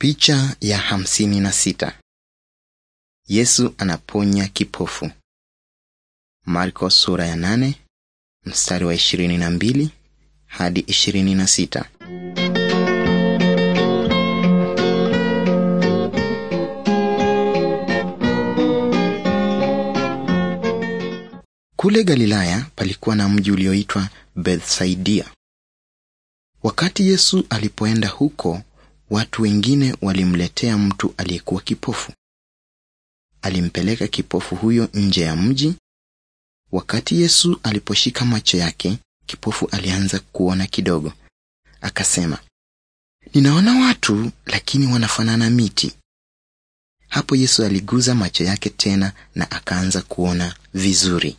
Picha ya hamsini na sita. Yesu anaponya kipofu. Marko sura ya nane, mstari wa ishirini na mbili hadi ishirini na sita. Kule Galilaya palikuwa na mji ulioitwa Bethsaidia. Wakati Yesu alipoenda huko Watu wengine walimletea mtu aliyekuwa kipofu. Alimpeleka kipofu huyo nje ya mji. Wakati Yesu aliposhika macho yake, kipofu alianza kuona kidogo. Akasema, ninaona watu lakini wanafanana miti. Hapo Yesu aliguza macho yake tena na akaanza kuona vizuri.